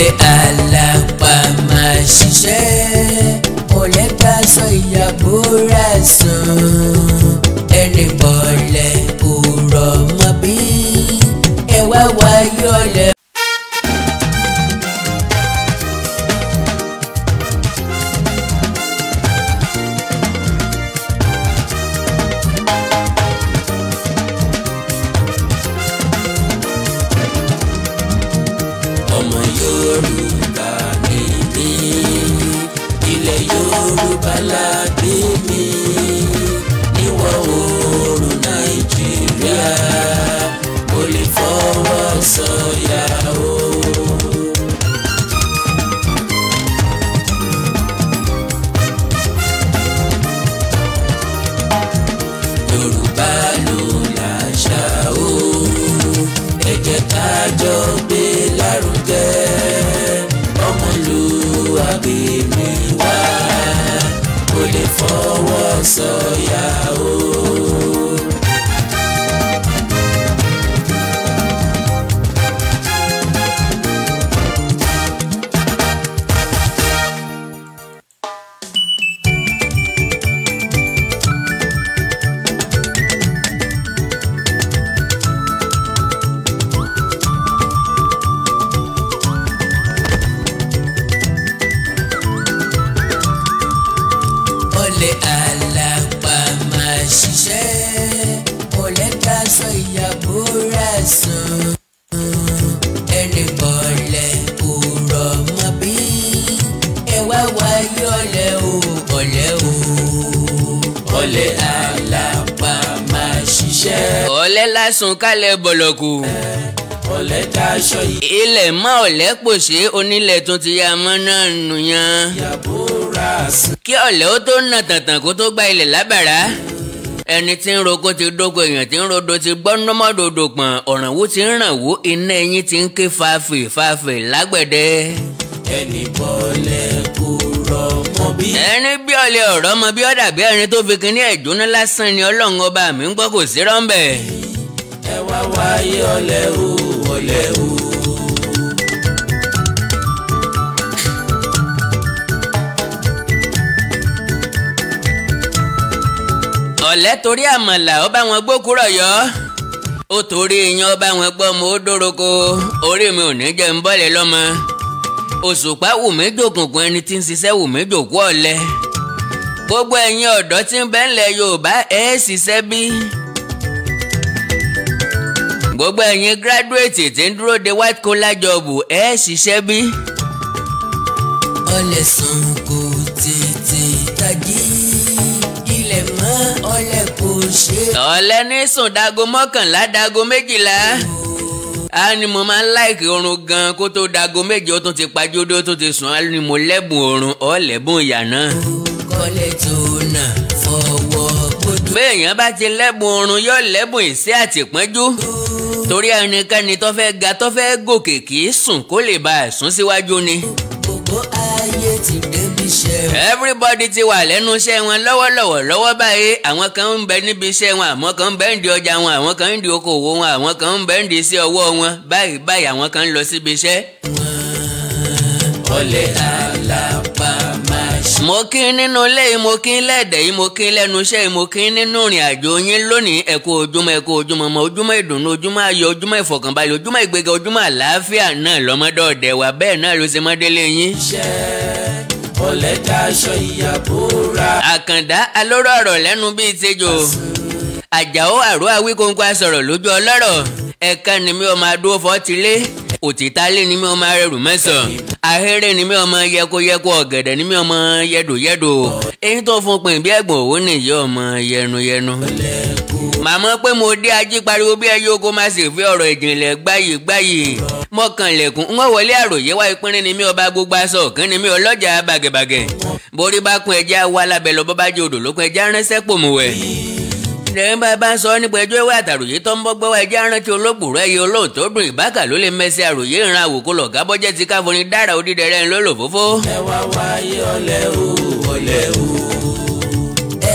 olè àlàpà máa ṣiṣẹ́ olè ká sọ ìyàbò rà sàn ẹni bọ̀lẹ̀ òrọ̀ mọ́ bí ẹ wá wáyé olè ẹranko. ọ̀lẹ́ ta aṣọ yìí. ilẹ̀ mọ́ ọ̀lẹ́ pòṣé onílẹ̀ tún ti ya mọ́ náà nù yan. ìyàbò ra àsìn. kí ọ̀lẹ́ ó tó nà tàntàn kó tó gba ilẹ̀ lábàrá ẹni tí ń roko ti dóko èèyàn tí ń rodo ti gbọ́nọ́mọ́dodo pọ̀n ọ̀ràn wo ti ń ràn wó iná ẹyin ti ń ké fàáfè fàáfè lágbẹ̀dẹ. ẹni bọ́lẹ̀ kò rọ mọ́ bí. ẹni bí ọ̀lẹ ọ̀rọ̀ mọ bí ọ̀dà bí ẹni tó fi kinní ẹ̀jóná lásán ni ọlọ́run ọba mi ń gbọ́ kò sí rọ́ńbẹ́ ẹ wá wáyé ọ̀lẹ́hù ọ̀lẹ́hù. ọ̀lẹ́ torí àmàlà ó bá wọn gbókúrọ̀ yọ ó torí iyán ó bá wọn gbọ́ mo ó dóroko orí mi ò ní jẹ́ ń bọ́lẹ̀ lọ́mọ òṣùpá wù mí dògùngùn ẹni tí ń ṣiṣẹ́ wù mí dòkú ọ̀lẹ gbogbo ẹ̀yin ọ̀dọ́ tí ń bẹ́ńlẹ̀ Yorùbá ẹ̀ ṣiṣẹ́ bí gbogbo ẹ̀yin gírádùétì tí ń dúró de white collar job ẹ̀ ṣiṣẹ́ bí. ọlẹ̀ sàn kò tètè tají ilẹ̀ mọ́ ọlẹ̀ kò ṣe. ọ̀lẹ́ ní sùn dago mọ́kànlá dago méjìlá a ní mo máa ń láìkì oorun gan kó tó dago méje ó tún ti pajódó tó ti sùn á ní mo lẹ́bùn oorun ọ̀lẹ́bùn ìyá náà. kọ́lẹ̀ tó nà fọwọ́ gbódò. béèyàn bá ti lẹ́bùn oorun yóò lẹ́bùn ìṣẹ́ àtìpọ́njú torí ẹnikẹ́ni tó fẹ́ ga tó fẹ́ gòkè kì í sùn kó lè ba ẹ̀sùn síwájú ni. gbogbo ayé ti débi iṣẹ́. everybody ti wà lẹ́nu iṣẹ́ wọn lọ́wọ́lọ́wọ́ lọ́wọ́ báyìí àwọn kan ń bẹ níbi iṣẹ́ wọn àwọn kan ń bẹ ń di ọjà wọn àwọn kan ń di okòwò wọn àwọn kan ń bẹ ń di iṣẹ́ ọwọ́ wọn báyìí báyìí àwọn kan ń lọ síbi iṣẹ́. wọ́n ọlẹ́ àlàó mo kí nínú ilé yìí mo kí lẹ́ẹ̀dẹ̀ yìí mo kí lẹ́nu iṣẹ́ yìí nínú ìrìn àjò yín lónìí ẹ kú ojúmọ́ ẹ kú ojúmọ́ ìdùnnú ojúmọ́ ayọ̀ ojúmọ́ ìfọ̀kànbalẹ̀ ojúmọ́ ìgbéga ojúmọ́ àlàáfíà náà lọ́mọdọ̀ọ̀dẹ̀ wa bẹ́ẹ̀ náà ló ṣe mọ́délé yín. àkàndá alóró ọ̀rọ̀ lẹ́nu bíi tejò àjàó àrò àwíkóńkó mi ò máa òtítálé ni mi ọmọ arẹrù mẹ́sàn-án ahéré ni mi ọmọ yẹkoyẹko ọ̀gẹ̀dẹ̀ ni mi ọmọ yẹdòyẹdò eyín tó fún pin bí ẹ̀gbọ́n òun nìyí ọmọ yẹnuyẹnu. màmá pé mo dé ají pariwo bí ẹyọ kó má sì fi ọ̀rọ̀ ìjìnlẹ̀ gbáyìí gbáyìí mọ́kànlẹ̀kùn ń wọ́n wọlé àròyé wá ìpínrin ni mi ọba gbogbo aṣọ kí ni mi ọlọ́jà bàgẹ̀bàgẹ̀ borí bá kún ẹja wà lábẹ́ lọ bọ́ bá jẹ́ odò lókun ẹja ránṣẹ́ pòmùwẹ̀ ṣé bàbá ń sọ nípa ẹjọ́ ìwé àtàròyé tó ń bọ́ gbọ́wọ́ ẹjẹ́ arántí olóògbòrò ẹyẹ olóòtó dùn ìbákà ló lè mẹsẹ̀ àròyé ìran àwòkọ́ lọ̀gá bọ́jẹ́ ti káfọ́ni dára odídẹrẹ ń lólò fófó. ẹ wá wáyé ọlẹ́ o ọlẹ́ o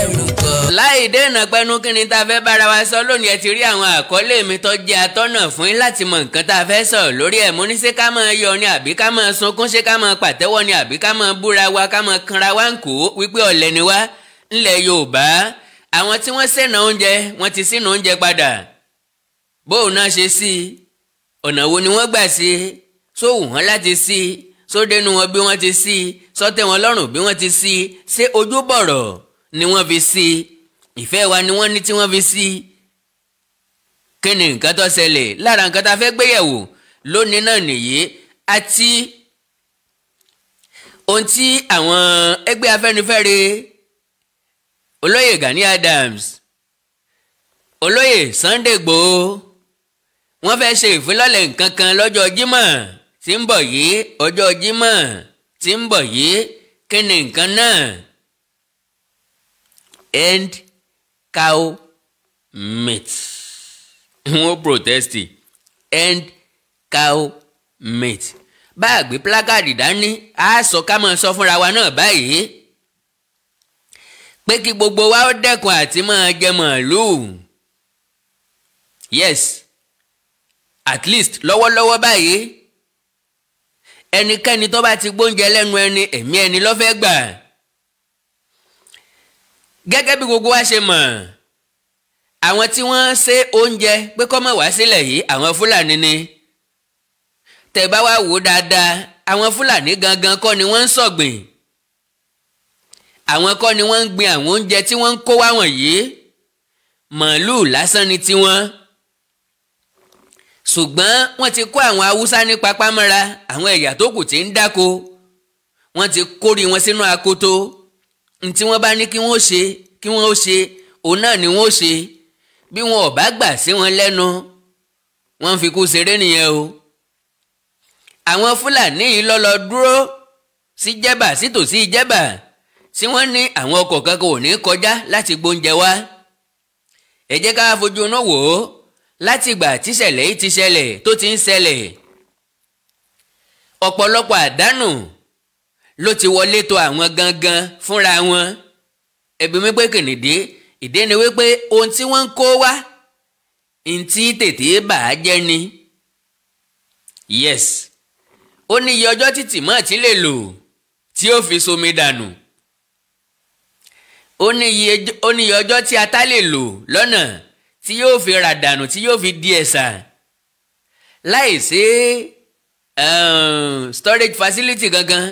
ẹrù kọ. láì dènà pẹnu kí ni tá a fẹ́ bára wa sọ lónìí ẹ ti rí àwọn àkọlé mi tó jẹ́ atọ́nà fún yín láti mọ nǹkan tá a fẹ́ sọ lórí ẹ̀ mo ní ṣé ká máa yọ̀ ni àbí ká máa sunkún ṣé ká máa pàtẹ́wọ́ ni àbí ká máa búra wa ká máa kanra wa ń kó wípé ọ̀lẹ ni wá ńlẹ̀ Yorùbá àwọn tí wọ́n sẹ̀nà oúnjẹ wọ́n ti sínú oúnjẹ padà bóun náà ṣe sí i ọ̀nà wo ni wọ́n gbà sí i sówù wọ́n láti sí i sódẹ́nu wọn bí wọ́n ti sí i sọ́tẹ̀ wọn lọ́rùn bí wọ́n ti sí i ṣé ojúbọ̀rọ̀ ni wọ́n fi sí i ìfẹ́ wa ni wọ́n ní tí wọ́n fi sí i kí ni nǹkan tó ṣẹlẹ̀ lára nǹkan tá a fẹ́ gbéyẹ̀wò lónìí náà nìyí àti ohun tí àwọn ẹgbẹ́ afẹ́nifẹ́re olóyè Gani Adams olóyè Sunday Igboho wọ́n fẹ́ ṣe ìfilọ́lẹ̀ nǹkan kan lọ́jọ́ Jímọ̀ tí ń bọ̀ yìí ọjọ́ Jímọ̀ tí ń bọ̀ yìí kí ni nǹkan náà end cow meat wọ́n protest end cow meat bá a gbé plákáàdì dání a sọ ká máa sọ fúnra wa náà báyìí pé kí gbogbo wa ó dẹ́kun àti máa jẹ màálùú yes at least lọ́wọ́lọ́wọ́ báyìí ẹnikẹ́ni tó bá ti gbóúnjẹ lẹ́nu ẹni ẹ̀mí ẹni ló fẹ́ gbà gẹ́gẹ́ bí gbogbo wa ṣe mọ̀ àwọn tí wọ́n ṣe oúnjẹ pé kó má wá sílẹ̀ yìí àwọn Fúlàní ni tẹ̀ bá wá wò dáadáa àwọn Fúlàní gangan kọ́ ni wọ́n ń sọ̀gbìn. So àwọn kọ́ ni wọ́n ń gbin àwọn oúnjẹ tí wọ́n ń kó wá wọ̀nyí màálùú lásán ni tiwọn ṣùgbọ́n wọ́n ti kó àwọn haúsá ní papámọ́ra àwọn ẹ̀yà tó kù tí ń dáko wọ́n ti kórè wọn sínú akoto ní tí wọ́n bá ní kí wọ́n ṣe kí wọ́n ṣe òun náà ni wọ́n ṣe bí wọn ò bá gbà sí wọn lẹ́nu wọ́n fi kú ṣeré nìyẹn o àwọn fúlàní yìí lọ́lọ́ dúró sí jẹ́bà sítòsí jẹ́bà. Si tí wọ́n ní àwọn ọkọ̀ kankan ò ní kọjá láti gbóúnjẹ wá ẹ jẹ́ ká fojú inú wò ó látìgbà tíṣẹ̀lẹ̀ yìí ti ṣẹlẹ̀ tó ti ń ṣẹlẹ̀ ọ̀pọ̀lọpọ̀ àdánù ló ti wọlé tọ̀ àwọn gangan fúnra wọn ẹbí mi pé kìnìdí ìdí ni wípé ohun tí wọ́n ń kó wá ntí tètè bà á jẹ́ ni yes ó ní iye ọjọ́ títì mọ́ àti lè lò tí ó fi somi dànù ó ní iye ọjọ́ tí ata lè lò lọ́nà tí yóò fi rà dànù tí yóò fi di ẹ̀sà láì sí um, ehm, storage facility gangan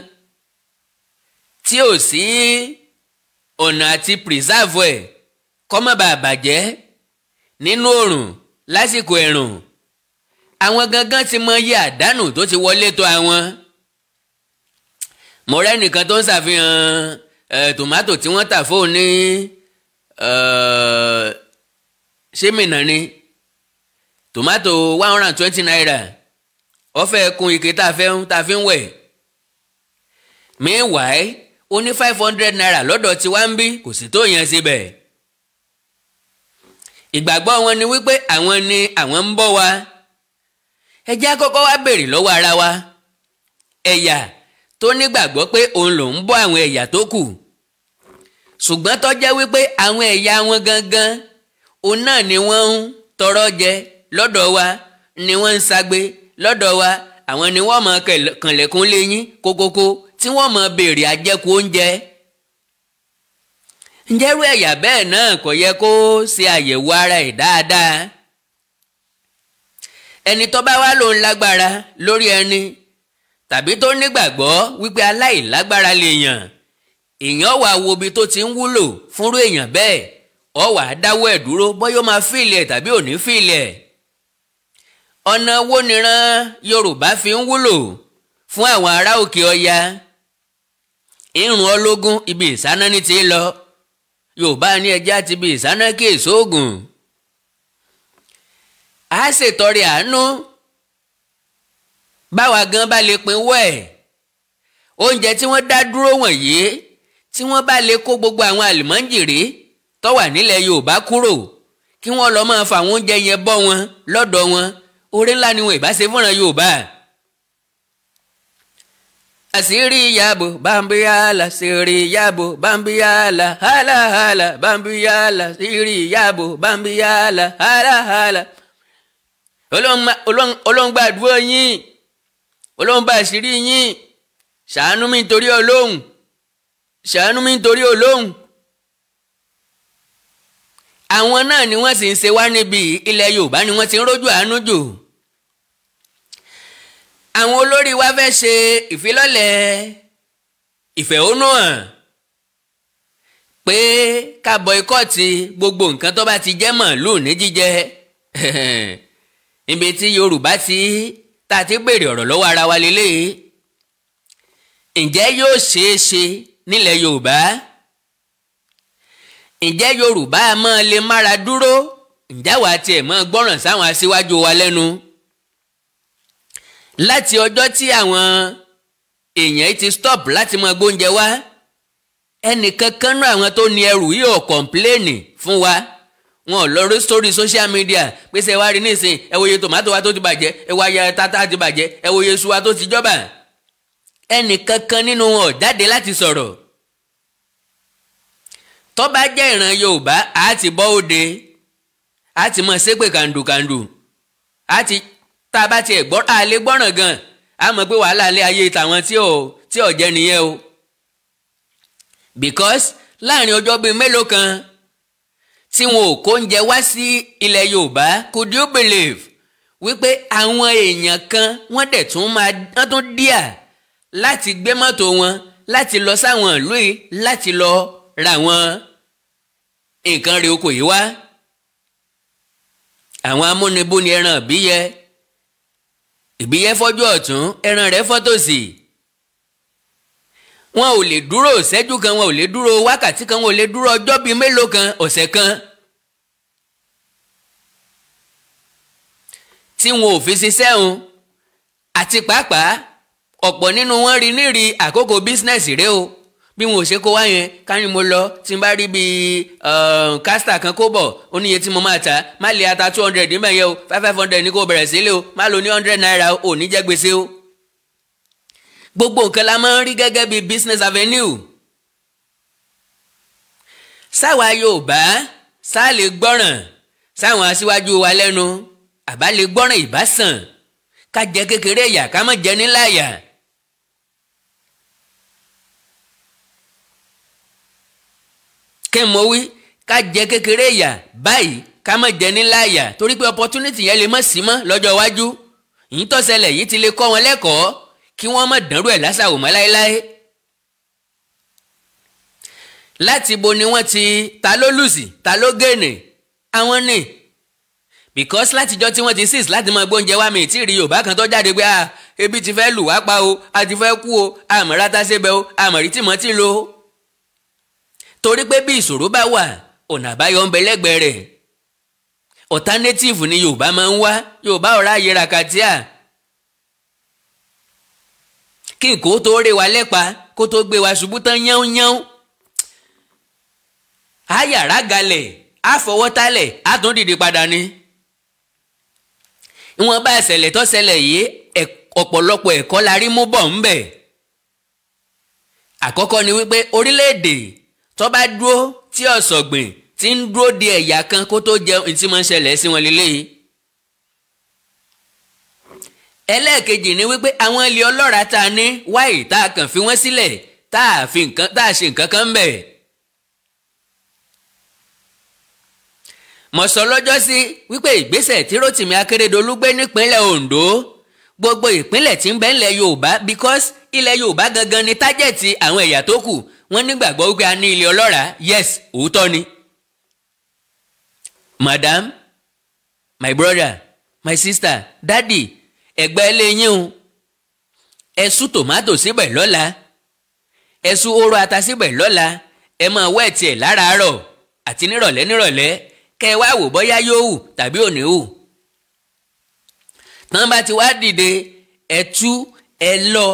tí ò sí ọ̀nà àti preserve ẹ̀ kó má bàa bàjẹ́ nínú oòrùn lásìkò ẹ̀rùn àwọn gangan ti mọ iye àdánù tó ti wọlé tó àwọn mo rẹ́ nìkan tó ń ṣàfihàn Tomato, tí wọ́n tà fóun ní ṣé ni tòmátò one hundred and twenty naira ọ̀fẹ́ kun ike tá a fẹ́ tá fi ń wẹ̀ meanwhile ó ní five hundred naira lọ́dọ̀ tí wá ń bí kò sì tó yẹn síbẹ̀ ìgbàgbọ́ wọn ni wípé àwọn ni àwọn ń bọ́ wa ẹ jẹ́ àkọ́kọ́ wá béèrè lọ́wọ́ ara wa ẹ̀yà tó nígbàgbọ́ pé òun lòún bọ́ àwọn ẹ̀yà tó kù ṣùgbọ́n tó jẹ́ wípé àwọn ẹ̀yà wọn gangan òun náà ni wọ́n ń tọrọ jẹ lọ́dọ̀ wa ni wọ́n ń ṣagbe lọ́dọ̀ wa àwọn ni wọ́n máa kànlẹ̀kùn léyìn kókókó tí wọ́n máa béèrè àjẹkù oúnjẹ. ǹjẹ́rú ẹ̀yà bẹ́ẹ̀ náà kò yẹ kó ṣe àyẹ̀wò ara ẹ̀ dáadáa. ẹni tó bá wá lòun lágbára lórí ẹni tàbí tó nígbàgbọ́ wípé aláìlágbára lèèyàn èèyàn wà wo ibi tó ti ń wúlò fúnrú èèyàn bẹ́ẹ̀ ọ wà á dáwọ́ ẹ̀ dúró bóyá ó máa fìlẹ̀ tàbí ò ní fìlẹ̀. ọ̀nà wo nìran Yorùbá fi ń wúlò fún àwọn ará òkè ọya irun ológun ibi ìsáná ní ti lọ Yorùbá ní ẹja ti ibi ìsáná kí èso oògùn a ṣètọrẹ àánú báwa gan bá lè pinwọ́ ẹ̀ oúnjẹ tí wọ́n dá dúró wọ̀nyí tí wọ́n bá lè kó gbogbo àwọn àlùmọ́ǹjèrè tó wà nílẹ̀ Yorùbá kúrò kí wọ́n lọ máa fa àwọn oúnjẹ yẹn bọ́ wọn lọ́dọ̀ wọn oore ńlá ni wọn ìbá ṣe fúnra Yorùbá. àṣírí yàbò bambíyàlà ṣírí yàbò bambíyàlà hàlàhàlà bambíyàlà ṣírí yàbò bambíyàlà hàlàhàlà. olóńgbà àdúró yín olóńgbà àṣírí yín ṣàánú mi nítorí Ọlọ́hun ṣàánú mi nítorí olóhùn àwọn náà ni wọ́n sì ń ṣe wá níbi ilẹ̀ Yorùbá ni wọ́n ti ń rójú àánú jò àwọn olórí wa fẹ́ ṣe ìfilọ́lẹ̀ ìfẹ̀hónúhàn pé ká bọ́ikọ́ọ̀tì gbogbo nǹkan tó bá ti jẹ́ màálùú ní jíjẹ ibi tí Yorùbá ti ta ti béèrè ọ̀rọ̀ lọ́wọ́ ara wa lélẹ́yìí ǹjẹ́ yóò ṣeé ṣe nílẹ̀ yorùbá ǹjẹ́ yorùbá a máa lè mára dúró ǹjẹ́ àwa tiẹ̀ máa gbọ́ràn sáwọn aṣíwájú wa lẹ́nu láti ọjọ́ tí àwọn èèyàn ti stop láti máa gbóúnjẹ wá ẹnìkankan náà àwọn tó ní ẹrù yìí ò kọ̀ǹpléènì fún wa wọn ò lọ rí sórí social media pèsè wa rí nísìnyí ẹ wòye tòmátò wa tó ti bàjẹ́ ẹ wòye tata ti bàjẹ́ ẹ wòye iṣu tó ti jọba ẹnìkankan nínú wọn jáde láti sọ̀rọ̀ tó jẹ́ ìran yorùbá á ti bọ́ òde á ti mọ̀ ṣépè kàǹdùkàǹdù á ti tá a bá tiẹ̀ gbọ́ àlè gbọ́ràn gan á mọ̀ pé wàhálà ilé ayé tàwọn tí ò tí ò jẹ́ nìyẹn o because láàrin ọjọ́ bíi mélòó kan tí wọn ò kó oúnjẹ wá sí ilẹ̀ yorùbá could you believe wípé àwọn èèyàn kan wọ́n dẹ̀ tún máa wọ́n tún díà láti gbé mọ́tò wọn láti lọ sáwọn ìlú yìí láti lọ ra wọn nǹkan rè oko yìí wá àwọn amúnibú ni ẹran ìbíyẹ ìbíyẹ fọ́jú ọ̀tún ẹran rẹ̀ fọ́ tòsì wọn ò lè dúró ìṣẹ́jú kan wọn ò lè dúró wákàtí kan wọn ò lè dúró ọjọ́ bíi mélòó kan ọ̀sẹ̀ kan tí wọn ò fi ṣiṣẹ́ òun àti pàápàá ọ̀pọ̀ nínú wọn rí nírí àkókò bísínẹ́sì rẹ o bí wọn ò ṣe kó wá yẹn káyìn mo lọ tí n bá rí bíi kásítà eh, kan kó bọ̀ ó níye tí mo máa ta má lè ata two hundred níbẹ̀ yẹn o five five hundred ní kó bẹ̀rẹ̀ sí o má lo ní hundred naira o ò ní jẹ́ gbèsè o. gbogbo nǹkan la máa ń rí gẹ́gẹ́ bíi business avenue. sáwa Yorùbá sá lè gbọ́ràn sáwọn aṣíwájú wa lẹ́nu àbá lè gbọ́ràn ìbásàn ká jẹ kékeré ẹ̀yà ká má jẹ níláyà kẹ́ mọ̀ wí ká jẹ kékeré ìyà báyìí ká má jẹ nílá ìyà torí pé opportunity yẹn lè má sí mọ́ lọ́jọ́ iwájú yìí tó ṣẹlẹ̀ yìí ti lè kọ́ wọn lẹ́kọ̀ọ́ kí wọ́n má dànrú ẹ̀ lásàwò mọ́ láéláé. láti bo ni wọ́n ti ta ló lùsì ta ló gèènè àwọn ni because látijọ́ tí wọ́n ti insist láti máa gbóúnjẹ wá mi tí rí yorùbá kan tó jáde pé ah, ebi ti fẹ́ lù wá pa o a ti fẹ́ kú o àmọ́ rátá ṣe bẹ́ o àmọ́ rí tìmọ́tì lo o. torí pé bí ìṣòro bá wà ọ̀nà àbáyọ ń bẹ lẹ́gbẹ̀ẹ́ rẹ̀ alternative ni yorùbá máa ń wá yorùbá ọ̀rá ayéra katia kí n kó tó rè wá lẹ́pa kó tó gbé wa ṣubú tán yánnyán á yàrá galẹ̀ á fọwọ́ tálẹ̀ á tún dìde padà ni ìwọ̀n bá ṣẹlẹ̀ tó ṣẹlẹ̀ yìí ọ̀pọ̀lọpọ̀ ẹ̀kọ́ la rí mú bọ̀ ńbẹ̀ àkọ́kọ́ ni wípé orílẹ̀-èdè tó bá dúró tí ọ̀sọ̀gbìn ti ń dúró de ẹ̀yà kan kó tó jẹun tí mo ń ṣẹlẹ̀ sí wọn lélẹ́yìí. ẹlẹ́ẹ̀kejì ni wípé àwọn ilé ọlọ́ra tá a ní wáyé tá a kàn fi wọ́n sílẹ̀ tá a fi nǹkan tá a ṣe nǹkan kan bẹ̀. mo lọ́jọ́ sí wípé ìgbésẹ̀ tí Rotimi Akeredolu gbé nípínlẹ̀ Ondo gbogbo ìpínlẹ̀ tí ń bẹ Yorùbá because ilẹ̀ Yorùbá gangan ni tájẹ̀tì àwọn ẹ̀yà tó kù wọ́n nígbàgbọ́ wípé a ní ilé ọlọ́rà yes òótọ́ ni madam my brother my sister daddy ẹ̀gbẹ́ ilé yín o ẹ sú tòmátò síbẹ̀ lọ́la ẹ sú oró ata síbẹ̀ lọ́la ẹ máa wẹ́ tiẹ̀ láràárọ̀ àti nírọ̀lẹ́ nírọ̀lẹ́ kẹ́ ẹ wá wò bóyá yóò hù tàbí ò ní hù tán bá ti wá dìde ẹ tú ẹ lọ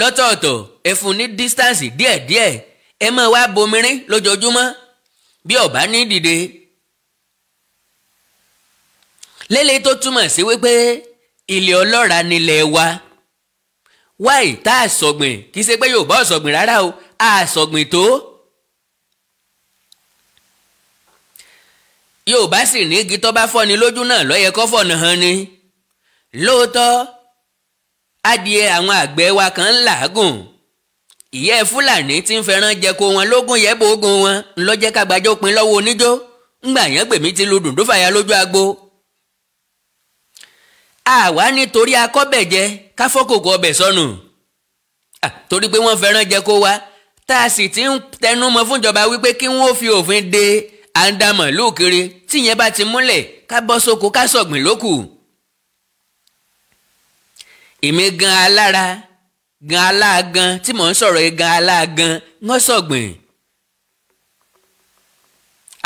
lọ́tọ̀ọ̀tọ̀ ẹ fún ní distance díẹ̀díẹ̀ ẹ máa wá bomirin lójoojúmọ́ bí ọ̀bá ní dìde. lélẹ̀ tó túmọ̀ sí wípé ilẹ̀ ọlọ́ra nílẹ̀ wa wáì tá a sọ̀gbìn kì í ṣe pé Yorùbá ò rárá o a sọ̀gbìn tó. Yorùbá sì ní igi tó bá fọ́ni lójú náà ló yẹ kó fọ̀nà hàn ni lóòótọ́ adìẹ àwọn àgbẹ̀ wa kan ń làágùn ìyá ẹ fúlàní tí ń fẹ́ràn jẹko wọn lógún yẹ́bù ogun wọn ńlọ́jẹ́ kágbájọ́ pin lọ́wọ́ oníjó ńgbà yẹn gbèmí ti lu dùndú fàyà lójú agbo. àwa nítorí akọ́bẹ̀jẹ káfọ́kòkò ọbẹ̀ sọnù torí pé wọ́n fẹ́ràn jẹko wa tá a sì ti ń tẹnu mọ́ fúnjọba wípé kí wọ́n fi òfin de àǹdàmọ̀lú kiri tíyẹn bá ti múlẹ̀ ká bọ́ sóko ká sọ̀gbìn lókù. èmi gan alára gan aláàgan tí mò ń sọ̀rọ̀ yìí gan aláàgan wọ́n sọ̀gbìn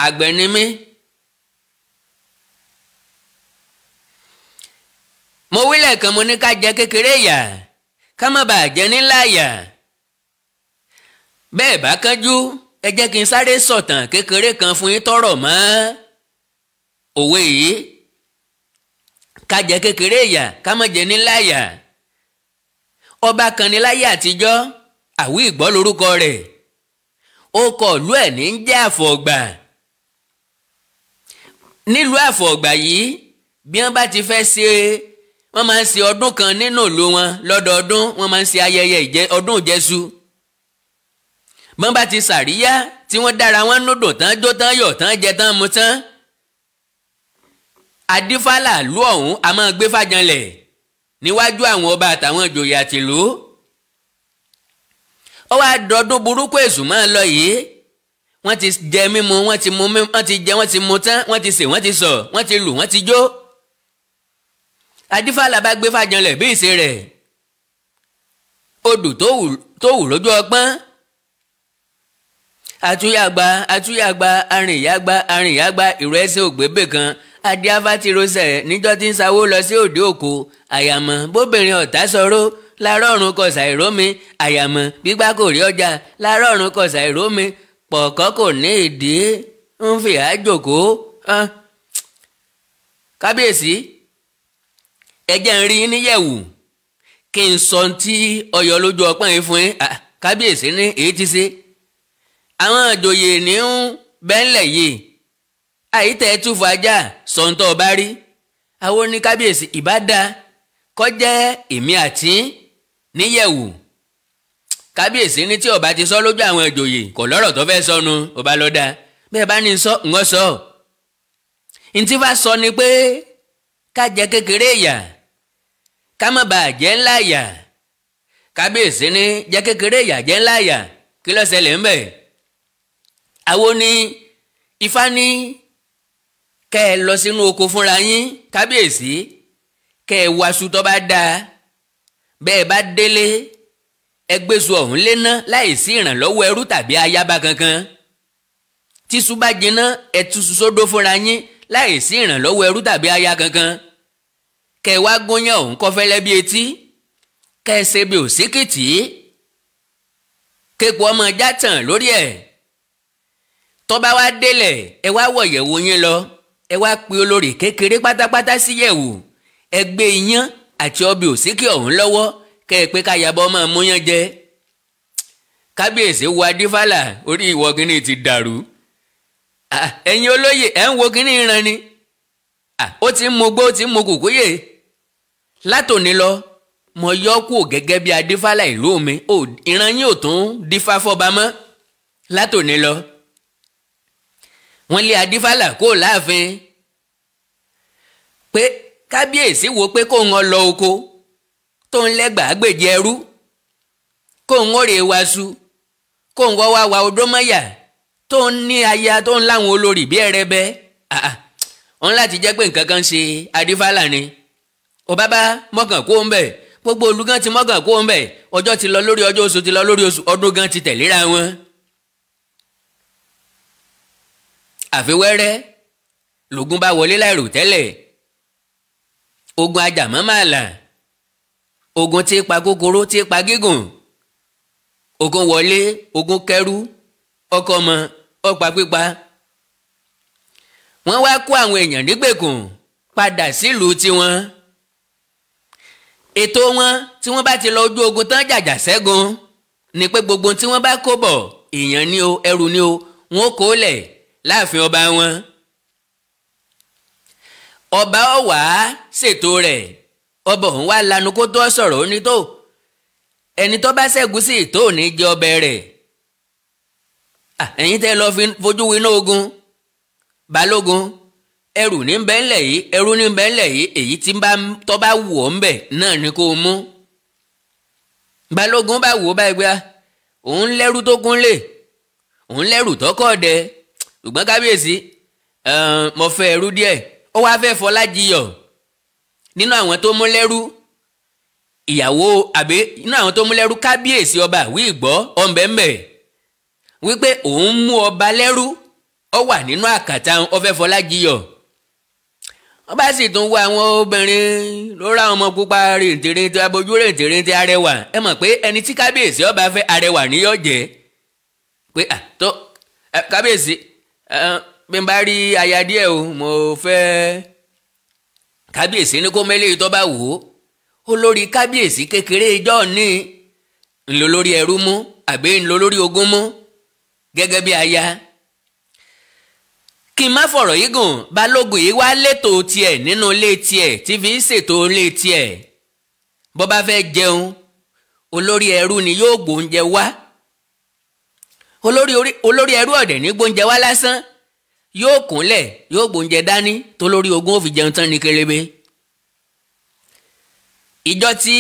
àgbẹ̀ ni mí. mo wílẹ̀ kan mo ní ká jẹ kékeré yà ká má bàa jẹ nílá yà bẹ́ẹ̀ bá kánjú ẹ jẹ́ kí n sáré sọ̀tàn kékeré kan fún yín tọrọ mọ́ òwe yìí ká jẹ kékeré yà ká má jẹ nílá yà ọba kan ní láyé àtijọ́ àwí ìgbọ́ lórúkọ rẹ̀ ó kọ ìlú ẹ̀ ní ń jẹ́ àfọ̀gbà nílùú àfọ̀gbà yìí bí wọ́n bá ti fẹ́ ṣe wọ́n máa ń ṣe ọdún kan nínú ìlú wọn lọ́dọọdún wọ́n máa ń ṣe ayẹyẹ ọdún ìjẹsù bọ́n bá ti ṣàríyá tí wọ́n dára wọn nùdùn tán jó tán yọ̀ tán jẹ tán mu tán adífálà lú ọ̀hún a máa gbé fàjànlẹ̀ níwájú àwọn ọba àtàwọn ìjòyè àtìlú ó wá dọdún burúkú èṣù máa lọ yìí wọ́n ti jẹ mímu wọ́n ti mu mímu wọ́n ti jẹ wọ́n ti mu tán wọ́n ti sè wọ́n ti sọ wọ́n ti lù wọ́n ti jó adífàlà bá gbé fàjànlẹ̀ bí ìṣe rẹ̀ odò tó wù lójú ọpọ́n àtúnyàgbà àtúnyàgbà arìnyàgbà arìnyàgbà ìrẹsẹ̀ ògbébè kan adíáfá ti rosẹ̀ níjọ́ tí ń sawó lọ sí òde òkú àyàmọ́ bóbìnrin ọ̀tá sọ̀rọ̀ láàárọ̀ ọ̀run kọ̀sà ìrómi àyàmọ́ gbígbá kò rí ọjà láàárọ̀ ọ̀run kọ̀sà ìrómi pọ̀kọ́ kò ní ìdí ń fìhà jòkó. kábíyèsí ẹ jẹ́ ń rí yín níyẹ̀wù kí n sọ tí ọyọ lójú ọpọ́n yìí fún yín kábíyèsí ní èyí ti ṣe àwọn àjòyè ní bẹ́ńlẹ̀ yìí àyítẹ́ túfọ̀ ajá sọ̀ǹtọ̀ ọba rí àwọn oníkábíyèsí ìbáda kọjá èmi àti níyẹ̀wò kábíyèsí ní tí ọba ti sọ lójú àwọn ìjòyè kò lọ́rọ̀ tó fẹ́ sọnu ọba lọ́dà bẹ́ẹ̀ bá ní sọ ńgọ́ sọ ntí fa sọ ni pé ká jẹ kékeré yà ká má bàa jẹ ńlá yà kábíyèsí ní jẹ kékeré yà jẹ ńlá yà kí ló ṣẹlẹ̀ ńbẹ̀ àwọn ní ifá ní kẹ́ ẹ lọ sínú oko fúnra yín kábíyèsí kẹ́ ẹ waṣu tó bá dáa bẹ́ẹ̀ bá délé ẹgbẹ́sù ọ̀hún léná láìsí ìrànlọ́wọ́ ẹrú tàbí ayaba kankan tíṣu bá jiná ẹ túṣu sódó fúnra yín láìsí ìrànlọ́wọ́ ẹrú tàbí aya kankan kẹ́ ẹ wá gúnyán ọ̀hún kọ́fẹ́lẹ́ bí etí kẹ́ ẹ ṣe bí òsíkìtì képo ọmọ játàn lórí ẹ̀ tọ́ba wá délẹ̀ ẹ wá wọ̀yẹ̀wò yín lọ ẹ wá pe olórí kékeré pátápátá sí yẹ̀wò ẹ iyán àti ọbẹ̀ òsíkì ọ̀hún lọ́wọ́ kẹ́ ẹ pé káyàbọ̀ máa múyán jẹ. kábíyèsí wo adífálà orí ìwọ kínní ti dàrú. ẹ̀yin olóyè ẹ̀ ń wo kínní ìran ni. ó ti ń mu gbó ó ti ń mu kùkúyè. látòní lọ mo yọ kúò gẹ́gẹ́ bí adífálà ìlú mi ìran yín ò tún dífá fọba mọ́ látòní lọ wọ́n lé adífálà kó láàfin pé kábíyèsí wo pé kóun lọ oko tó ń lẹ́gbàá gbèjẹ ẹrú kóun ó rè wàásù kóun wá wá wa odó mọ́yà tó ń ní aya tó ń láwọn olórí bí ẹrẹbẹ òun láti jẹ́ pé nǹkan kan ṣe adífálà ni ọba bá mọ́kàn kó ń bẹ̀ gbogbo olùgán ti mọ́kàn kó ń bẹ̀ ọjọ́ ti lọ lórí ọjọ́ oṣù ti lọ lórí oṣù ọdún gan ti tẹ̀léra wọn. àfiwẹ́rẹ́ lògùn bá wọlé láìrò tẹ́lẹ̀ ogun ajàmọ́màlà ogun tí pa kòkòrò tí pa gígùn ogun wọlé ogun kẹrú ọkọ ọmọ ọpa pípa wọ́n wá kó àwọn èèyàn nígbèkùn padà sílùú tiwọn ètò wọn tí wọ́n bá ti lọ ojú ogun tán jàjà ṣẹ́gun ni pé gbogbo tí wọ́n bá kó bọ̀ èèyàn ni o ẹrù ni o wọ́n kó lẹ̀ láàfin ọba wọn ọba ọwà ṣètò rẹ̀ ọba òun wá lanu kó tó sọ̀rọ̀ ó ní tó ẹni tó bá ṣẹ́gun sí tó ní jẹ ọbẹ̀ rẹ̀ ẹ̀yin tẹ́ lọ fojú winá ogun balógun ẹrù ní bẹ́ẹ̀ ńlẹ̀ yìí ẹrù ní bẹ́ẹ̀ ńlẹ̀ yìí èyí tí tó bá wù ọ́ ńbẹ̀ náà ni kó o mú balógun bá wù ú báyìí gbá òun lẹ́rù tó kúnlẹ̀ òun lẹ́rù tọkọ̀ dẹ́ ṣùgbọ́n kábíyèsí mo fẹ́ ẹrú díẹ̀ ó wáá fẹ́ Fọlájiyọ̀ nínú àwọn tó mú lẹ́rú ìyàwó àbí nínú àwọn tó mú lẹ́rú kábíyèsí ọba àwí ìgbọ́ ọ̀nbẹ̀ǹbẹ̀ wípé òun mú ọba lẹ́rú ó wà nínú àkàtà ó fẹ́ Fọlájiyọ̀ wọ́n bá sì tún wá àwọn obìnrin lórí àwọn ọmọ pupa rìntìrìntì abojú rìntìrìntì arẹwà ẹ mọ̀ pé ẹni tí kábíyèsí ọba fẹ́ arẹwà níyọ̀jẹ́ pé àtọ́ kábíyèsí bí n bá rí o mo fẹ́ kábíyèsí ní kó mẹ́lẹ́ tó bá wò ó olórí kábíyèsí kékeré ìjọ ní ńlọ lórí ẹrú mú àbí ńlọ lórí ogún mú gẹ́gẹ́ bí aya kí n má fọ̀rọ̀ yìí gùn balógun yìí wá létò tiẹ̀ nínú ilé tiẹ̀ tí fi ń ṣètò ilé tiẹ̀ bó bá fẹ́ jẹun olórí ẹrú ni yóò gbóúnjẹ wá olórí ẹrú ọ̀dẹ̀ ní gbóúnjẹ wá lásán yóò kúnlẹ̀ yóò gbóúnjẹ dání tó lórí ogun ó fi jẹun tán ní kérébé. ìjọ tí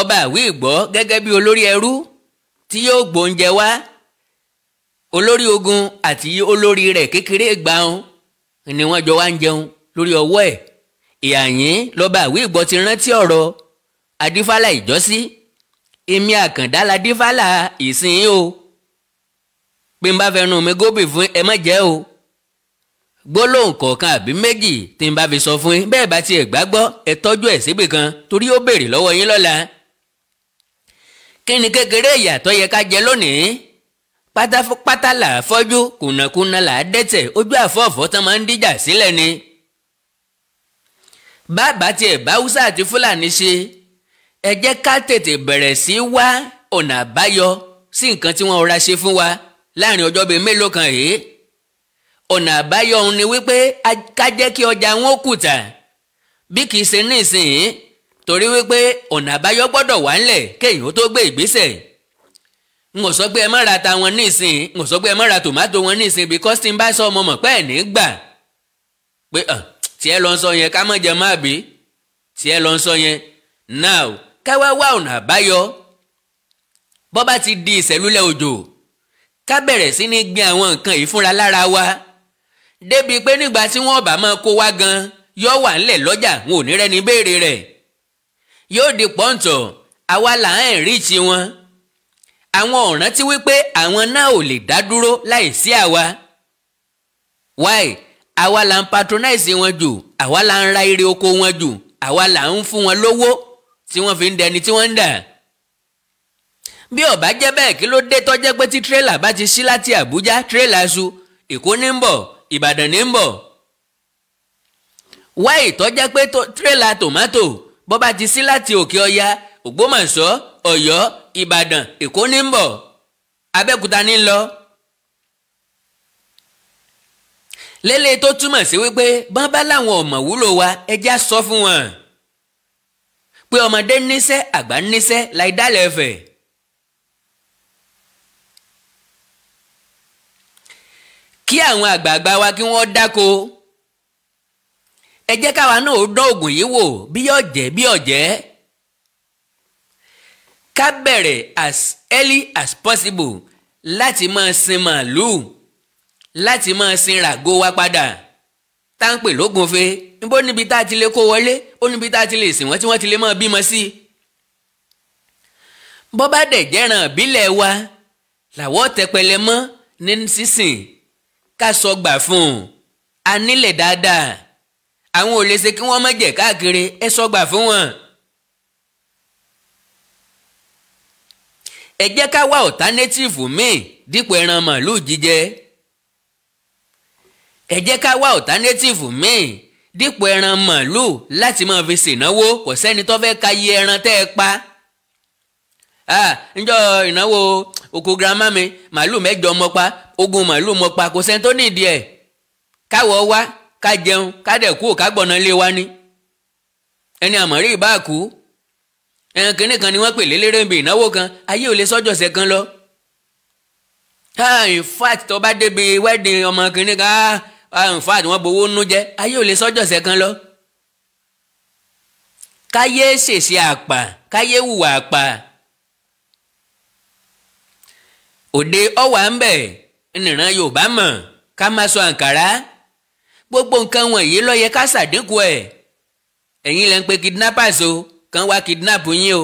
ọba àwí ìgbọ́ gẹ́gẹ́ bí olórí ẹrú tí yóò gbóúnjẹ wá olórí ogun àti olórí rẹ̀ kékeré gbàùn ni wọ́n jọ wá ń jẹun lórí ọwọ́ ẹ̀ ìyàyín lọ́ba àwí ìgbọ́ ti rántí ọ̀rọ̀ adífálà ìjọ́sí èmi àkàndá la dífálà ìsìn o pé n bá fẹ́ nu mi gómìn fún ẹ má jẹ́ o gbólóhùn kọ̀ọ̀kan àbí méjì tí n bá fi sọ fún yín bẹ́ẹ̀ bá tiẹ̀ gbàgbọ́ ẹ tọ́jú ẹ̀ síbì kan torí ó béèrè lọ́wọ́ yín lọ́la. kí ni kékeré ìyàtọ̀ yẹ ká jẹ lónìí pátápátá là á fọ́jú kùnàkùnà là á dẹ́tẹ̀ ojú àfọ́ọ̀fọ́ tán máa ń díjà sílẹ̀ ni. bàbá tiẹ̀ bá haúsá àti fúlàní ṣe ẹ jẹ́ ká tètè bẹ̀rẹ̀ sí wá ọ̀nà àbáyọ sí nǹkan tí wọ́n rọra ṣe fún wa. láàrin ọjọ́ bíi mélòó kan yìí ọ̀nà àbáyọ ọ̀hún ni wípé ká jẹ́ kí ọjà wọn kùtà bí kìí ṣe nísìnyí torí wípé ọ̀nà àbáyọ gbọ́dọ̀ wà ńlẹ̀ kéèyàn ó tó gbé ìgbésẹ̀ n ò sọ pé ẹ má ra ta wọn nísìn n ò sọ pé ẹ má ra tòmátò wọn nísìn bí tí bá sọ ọmọ mọ̀ pé ẹ̀ ní gbà pé tí ẹ lọ sọ yẹn ká mọ̀ jẹ́ má bí tí ẹ lọ sọ yẹn now ká wá wá ọ̀nà àbáyọ bọ́ bá ti di ìṣẹ̀lúlẹ̀ òjò ká bẹ̀rẹ̀ sí ní gbin àwọn nǹkan yìí fúnra lára wa débi pé nígbà tí wọ́n bá máa kó wa gan yóò wà ńlẹ̀ lọ́jà wọn ò ní rẹ́ni béèrè rẹ̀ yóò di pọ́ǹtọ̀ àwa là ń rí ti wọn àwọn ò rántí wípé àwọn náà ò lè dá dúró láìsí àwa why àwa là ń patronize wọn jù àwa là ń ra ire oko wọn jù àwa là ń fún wọn lówó tí wọ́n fi ń dẹni tí wọ́n ń dà bí ó bá jẹ́ kí ló dé tó pé tí tírélà bá ti ṣí láti Àbújá tírélà ṣu Èkó ní ń bọ̀ Ìbàdàn ní ń bọ̀ wáì tó jẹ́ pé tírélà tòmátò bó bá ti ṣí láti Òkè Ọya Ògbómọ̀ṣọ́ Ọ̀yọ́ Ìbàdàn Èkó ní ń bọ̀ Abẹ́òkúta ní ń lọ. lélẹ̀ tó túmọ̀ sí wípé bọ́nbá làwọn ọmọ wúlò wa ẹja sọ fún wọn pé ọmọdé níṣẹ́ àgbà níṣẹ́ láì dálẹ̀ fẹ̀. kí àwọn àgbààgbà wa kí wọ́n dáko ẹ jẹ́ káwa náà ó dán oògùn yìí wò bí ọ̀jẹ́ bí ọ̀jẹ́ ká bẹ̀rẹ̀ as early as possible láti máa sin màálùú láti máa sin ràgó wa padà tá ń fe. lógunfe níbo níbi tá a ti lè kó wọlé ó níbi tá a ti lè sìn wọ́n tí wọ́n ti lè máa bímọ sí i bó dẹ̀ jẹ́ràn ìbílẹ̀ wa làwọ̀ tẹpẹlẹ mọ́ ní sísìn ká sọ gbà fún un a nílẹ̀ dáadáa àwọn ò lè ṣe kí wọ́n má jẹ̀ káàkiri ẹ sọ gbà fún wọn. ẹ jẹ́ ká wá ọ̀tánétìfù míì dípò ẹran màálù jíjẹ ẹ jẹ́ ká wá ọ̀tánétìfù míì dípò ẹran màálù láti máa fi ṣènáwó kò sẹ́ni tó fẹ́ ka iye ẹran tẹ́ ẹ pa. ǹjọ́ ìnáwó oko girama mi màálùú mẹjọ mọ pa ogun màálùú mọ pa kò sẹ́ni tó nídìí ẹ̀ káwọ̀ wá ká jẹun ká kú ká wa ni ẹni ìbá kú kínní kan ni wọ́n pè lélẹ́rẹ́ ibi kan ayé ò lè sọ́jọ́ kan lọ. Ha fact tó bá débi ọmọ kínní kan ha ah, ah, fact wọ́n bowó nú jẹ́ ayé ò lè sọ́jọ́ kan lọ. káyé ṣèṣe àpà káyé àpà. òde ọ̀wà ń bẹ̀ nìran yorùbá mọ̀ ká má sọ àǹkárá gbogbo nǹkan wọ̀nyí ló yẹ ká ṣàdínkù ẹ̀ ẹ̀yin lẹ́ ń pe kidnappers o kàn wá kidnap yín o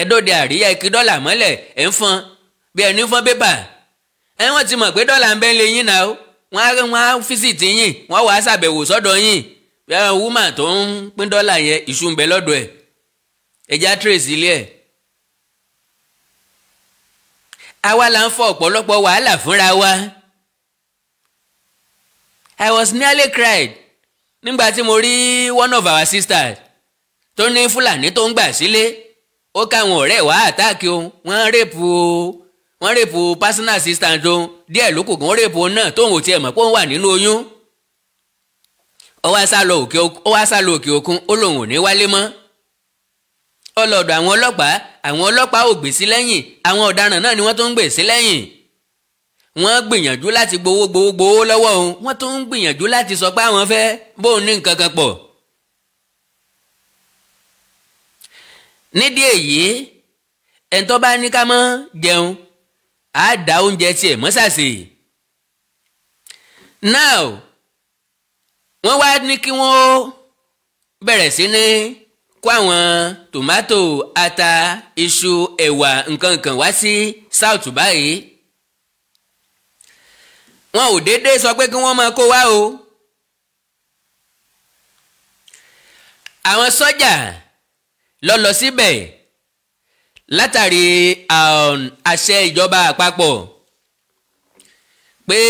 ẹ dóde àríyá ikí dọ́là mọ́lẹ̀ ẹ ń fọn bí ẹni fọn ẹ wọ́n ti mọ̀ pé dọ́là ń lé yín náà wọ́n á wọ́n á yín wọ́n wàá ṣàbẹ̀wò sọ́dọ̀ yín bí wúmà tó ń pín dọ́là yẹn awa la ń fọ ọ̀pọ̀lọpọ̀ wàhálà fúnra wa. I was nearly cried nígbà tí mo rí one of our sisters tó ní Fúlàní tó ń gbà sílé ó káwọn ọ̀rẹ́ wa àtáàkì o wọ́n rèpù o wọ́n rèpù personal assistant o díẹ̀ ló kù kí wọ́n náà tóun ò tiẹ̀ mọ̀ pé òun wà nínú oyún ó wá sá òkè òkun ó lóun ò ní wálé mọ́ ọlọ́dọ̀ àwọn ọlọ́pàá àwọn ọlọ́pàá ò gbè sí lẹ́yìn àwọn ọ̀daràn náà ni wọ́n tún ń gbè sí lẹ́yìn wọ́n gbìyànjú láti gbowó gbowó gbowó lọ́wọ́ òun wọ́n tún ń gbìyànjú láti sọ pé àwọn fẹ́ bóun ní nǹkan kan pọ̀. nídìí èyí ẹ̀ńtọ́ bá ní ká mọ́ jẹun á dá oúnjẹ tiẹ̀ mọ́sàsì. now wọ́n wá ní kí wọ́n bẹ̀rẹ̀ sí ní kó àwọn tòmátò ata iṣu ẹ̀wà nǹkankan wá sí south báyìí wọn ò déédéé sọ pé kí wọ́n máa kó wá o àwọn sọ́jà lọ lọ síbẹ̀ látàrí um, àṣẹ ìjọba àpapọ̀ pé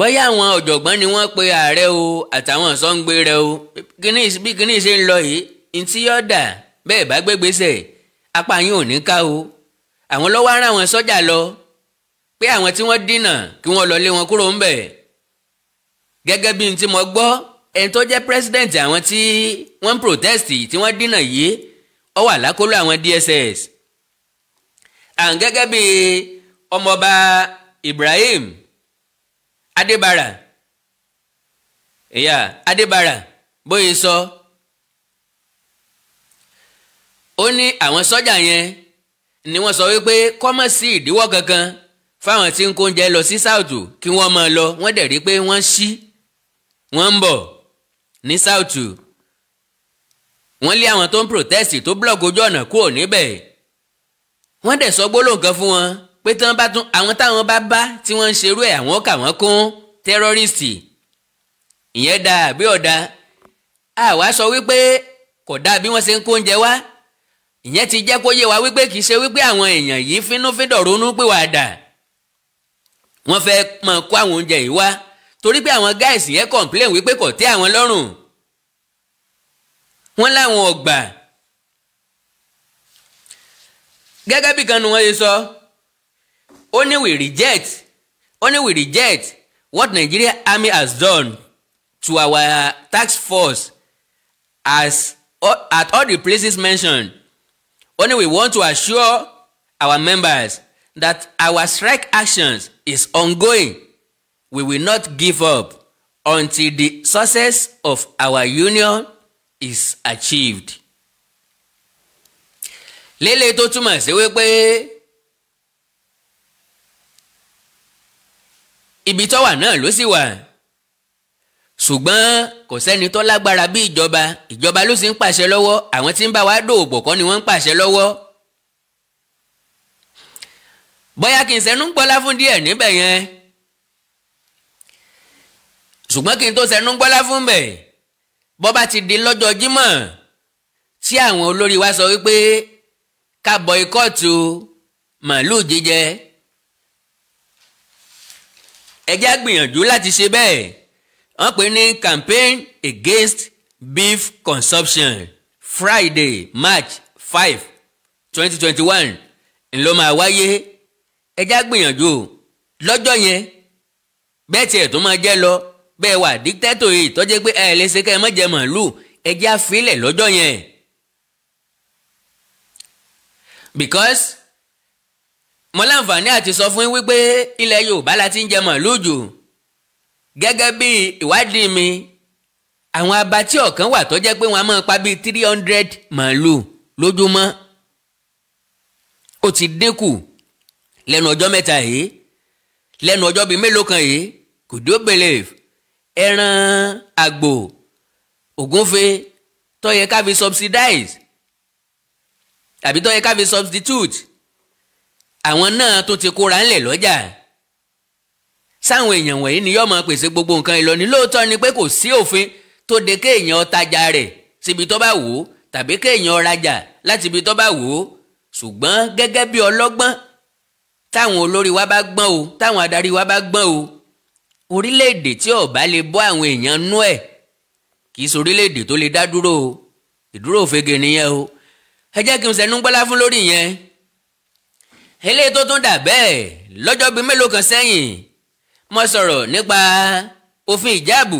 bóyá àwọn ọ̀jọ̀gbọ́n ni wọ́n pe ààrẹ o àtàwọn sọ́ngbé rẹ o bí kinní ṣe ń lọ yìí ntí yọ dà bẹ́ẹ̀ bá gbégbèsè apá yín ò ní ká o àwọn lọ́wọ́ ara wọn sọ́jà lọ pé àwọn tí wọ́n dínà kí wọ́n lọ lé wọn kúrò ńbẹ̀ gẹ́gẹ́ bí n tí mo gbọ́ ẹni tó jẹ́ president àwọn tí wọ́n ń protest tí wọ́n dínà yìí ó wà lákọlò àwọn DSS à ń gẹ́gẹ́ bí ọmọọba Ibrahim adébára ìyá adébára bóyá sọ ó ní àwọn sọ́jà yẹn ni wọ́n sọ wípé kọ́mọ̀ sí ìdíwọ́ kankan fáwọn tí ń kó oúnjẹ lọ sí sáùtù kí wọ́n máa lọ wọ́n dẹ̀ rí pé wọ́n ṣí wọ́n ń bọ̀ ní sáùtù wọ́n lé àwọn tó ń protest tó blọ́ọ̀gì ojú ọ̀nà kúrò níbẹ̀ wọ́n dẹ̀ sọ gbólóǹkan fún wọn pé tí wọ́n bá tún àwọn táwọn bá bá tí wọ́n ń ṣerú ẹ̀ àwọn kà wọ́n kún tẹ́rọ́rìstì ìyẹn da àbí ọ̀dà àwa sọ wípé kò dáa bí wọ́n ṣe ń kó oúnjẹ wá ìyẹn ti jẹ́ kó yé wa wípé kì í ṣe wípé àwọn èèyàn yìí fínúfíndọ̀ ronú pé wàá dà wọ́n fẹ́ máa kó àwọn oúnjẹ yìí wá torí pé àwọn gáìsì yẹn kọ̀ǹpléǹ wípé kò tẹ́ àwọn lọ́rùn wọ́n láwọn ọ̀gbà gẹ́gẹ́ bí kan nu wọ́n ṣe sọ. So, ó ní we reject ó ní we reject what Nigeria Army has done to our task force as at all the places mentioned ó ní we want to assure our members that our strike actions is ongoing we will not give up until the success of our union is achieved. lélẹ́yìí tó túmọ̀ sí wípé ibi tó wà náà ló sì wà ṣùgbọ́n kò sẹ́ni tó lágbára bí ìjọba ìjọba ló sì ń pàṣẹ lọ́wọ́ àwọn tí ń bá wa dòòbò kọ́ ni wọ́n ń pàṣẹ lọ́wọ́ bóyá kí n sẹ́nu ń gbọ́lá fún díẹ̀ níbẹ̀ yẹn ṣùgbọ́n kí n tó sẹ́nu ń gbọ́lá fún bẹ̀ bó bá ti di lọ́jọ́ Jímọ̀ tí àwọn olórí wa sọ wípé ká bọ ikọ́ọ̀tù màálù jíjẹ ẹjẹ́ gbìyànjú láti ṣe bẹ́ẹ̀ wọ́n pè ní campaign against beef consumption Friday March five twenty twenty one ńlọ máa wáyé ẹjẹ́ gbìyànjú lọ́jọ́ yẹn bẹ́ẹ̀ tiẹ̀ tó máa jẹ́ lọ bẹ́ẹ̀ wà dictator yìí tọ́jú pé ẹ lè ṣe kẹ́ ẹ má màálù ẹjẹ́ àfilẹ̀ lọ́jọ́ yẹn because mo láǹfààní àti sọ fún yín wípé ilẹ̀ yorùbá la ti ń jẹ màálù jù gẹ́gẹ́ bí ìwádìí mi àwọn abatí ọ̀kan wà tó jẹ́ pé wọ́n á máa pa bíi three hundred màálù lójúmọ́ ó ti dínkù lẹ́nu ọjọ́ mẹ́ta yìí lẹ́nu ọjọ́ bíi mélòó kan yìí could you believe ẹran àgbò ògúnfe tó yẹ ká fi subsidize tàbí tó yẹ ká fi substitute àwọn náà tó ti kóra ńlẹ̀ lọ́jà sáwọn èèyàn wọ̀nyí ni yóò máa pèsè gbogbo nǹkan ìlọni lóòótọ́ ni pé kò sí òfin tó de kéèyàn tajà rẹ̀ síbi tó bá wò ó tàbí kéèyàn rajà láti ibi tó bá wò ó ṣùgbọ́n gẹ́gẹ́ bí ọlọ́gbọ́n táwọn olórí wa bá gbọ́n o táwọn adarí wa bá gbọ́n o orílẹ̀-èdè tí ò bá lè bọ́ àwọn èèyàn nú ẹ̀ kì í ṣe orílẹ̀-èdè tó lè dá dúró o ìdúró òfegè nìyẹn o ẹ jẹ́ kí n sẹ́nu gbọ́lá fún lórí yẹn eléyìí tó tún dà bẹ́ẹ̀ lọ́jọ́ bíi mélòó kan sẹ́yìn mo sọ̀rọ̀ nípa òfin ìjáàbù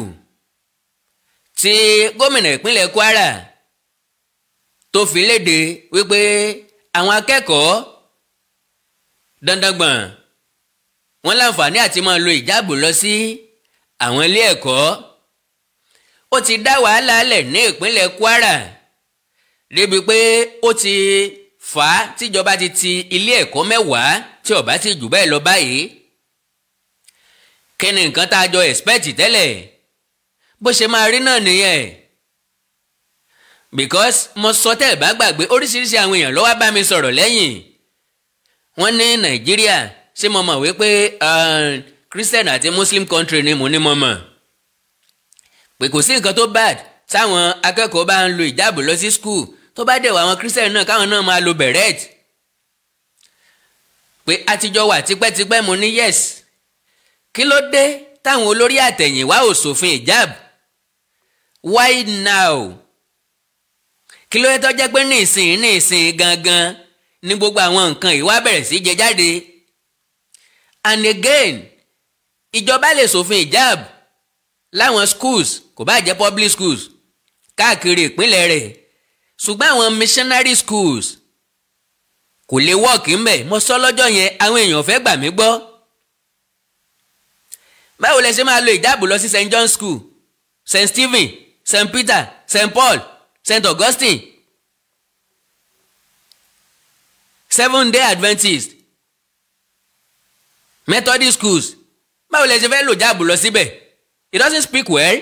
tí gómìnà ìpínlẹ̀ Kwara tó fi léde wípé àwọn akẹ́kọ̀ọ́ dandangbọ̀n wọ́n láǹfààní àti máa lo ìjáàbù lọ sí àwọn ilé ẹ̀kọ́ ó ti dá wàhálà lẹ̀ ní ìpínlẹ̀ Kwara débi pé ó ti fà á tíjọba ti ti ilé ẹ̀kọ́ mẹ́wàá tí ó bá ti jù bẹ́ẹ̀ lọ báyìí. kí ni nǹkan tá a jọ expect tẹ́lẹ̀ bó ṣe máa rí náà nìyẹn because mo sọ tẹ́ ẹ̀ bá gbàgbé oríṣiríṣi àwọn èèyàn ló wá bá mi sọ̀rọ̀ lẹ́yìn wọ́n ní nàìjíríà ṣé mo mọ̀ wípé christian àti muslim country ni mo ní mo mọ̀ pé kò sí nǹkan tó bad táwọn akẹ́kọ̀ọ́ bá ń lo ìjáàbù lọ sí school tó bá dẹ̀ wọ àwọn christian náà káwọn náà máa lo beret pé àtijọ́ wà tipẹ́tipẹ́ mo ní yes kí ló dé táwọn olórí àtẹ̀yìnwá ò ṣòfin ìjáàb why now kí ló yẹ tó jẹ́ pé nísìn nísìn gangan ní gbogbo àwọn nǹkan yìí wá bẹ̀rẹ̀ sí jẹ jáde and again ìjọba lè ṣòfin ìjáàb láwọn schools kò bá jẹ́ public schools káàkiri ìpínlẹ̀ rẹ̀ ṣùgbọ́n àwọn missionary schools kò lè wọ́ọ̀kì ń bẹ̀ mo sọ lọ́jọ́ yẹn àwọn èèyàn fẹ́ gbà mí gbọ́ báwo lẹ ṣe máa lo ìjáàbù lọ sí st john school st stephen st peter st paul st augustine seven day adventist methodist schools báwo lẹ ṣe fẹ́ lo ìjáàbù lọ síbẹ̀ it doesn't speak well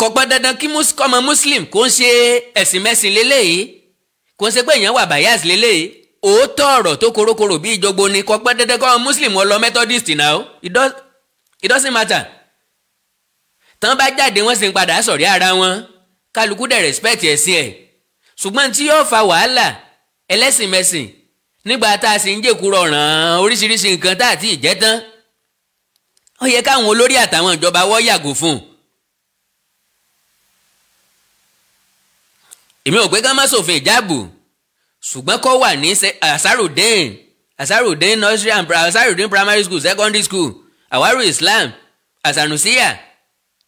kò gbọ́ dandan kí ọmọ muslim kò ń ṣe ẹ̀sìn mẹ́sìn lélẹ́yìí kò ń ṣe pé èèyàn wà bias lélẹ́yìí òótọ́ ọ̀rọ̀ tó korokoro bí ìjọgbo ni kò gbọ́ dandan kọ́ ọmọ muslim ó lọ methodist náà ó it doesn't matter tán bá jáde wọ́n sì ń padà sọ̀rí ara wọn kálukú dẹ̀ respect ẹ̀sìn ẹ̀ ṣùgbọ́n tí yóò fa wàhálà ẹlẹ́sìn mẹ́sìn nígbà tá a sì ń jèkúrọ̀ ràn oríṣiríṣi nǹkan tá àti ìjẹ́ ó yẹ káwọn olórí àtàwọn ìjọba wọ́ yàgò fún un èmi ò pé ká má ṣòfin ìjáàbù ṣùgbọ́n kó wà ní asarudin asarudin nursery and asarudin primary school secondary school awaru islam asanusiya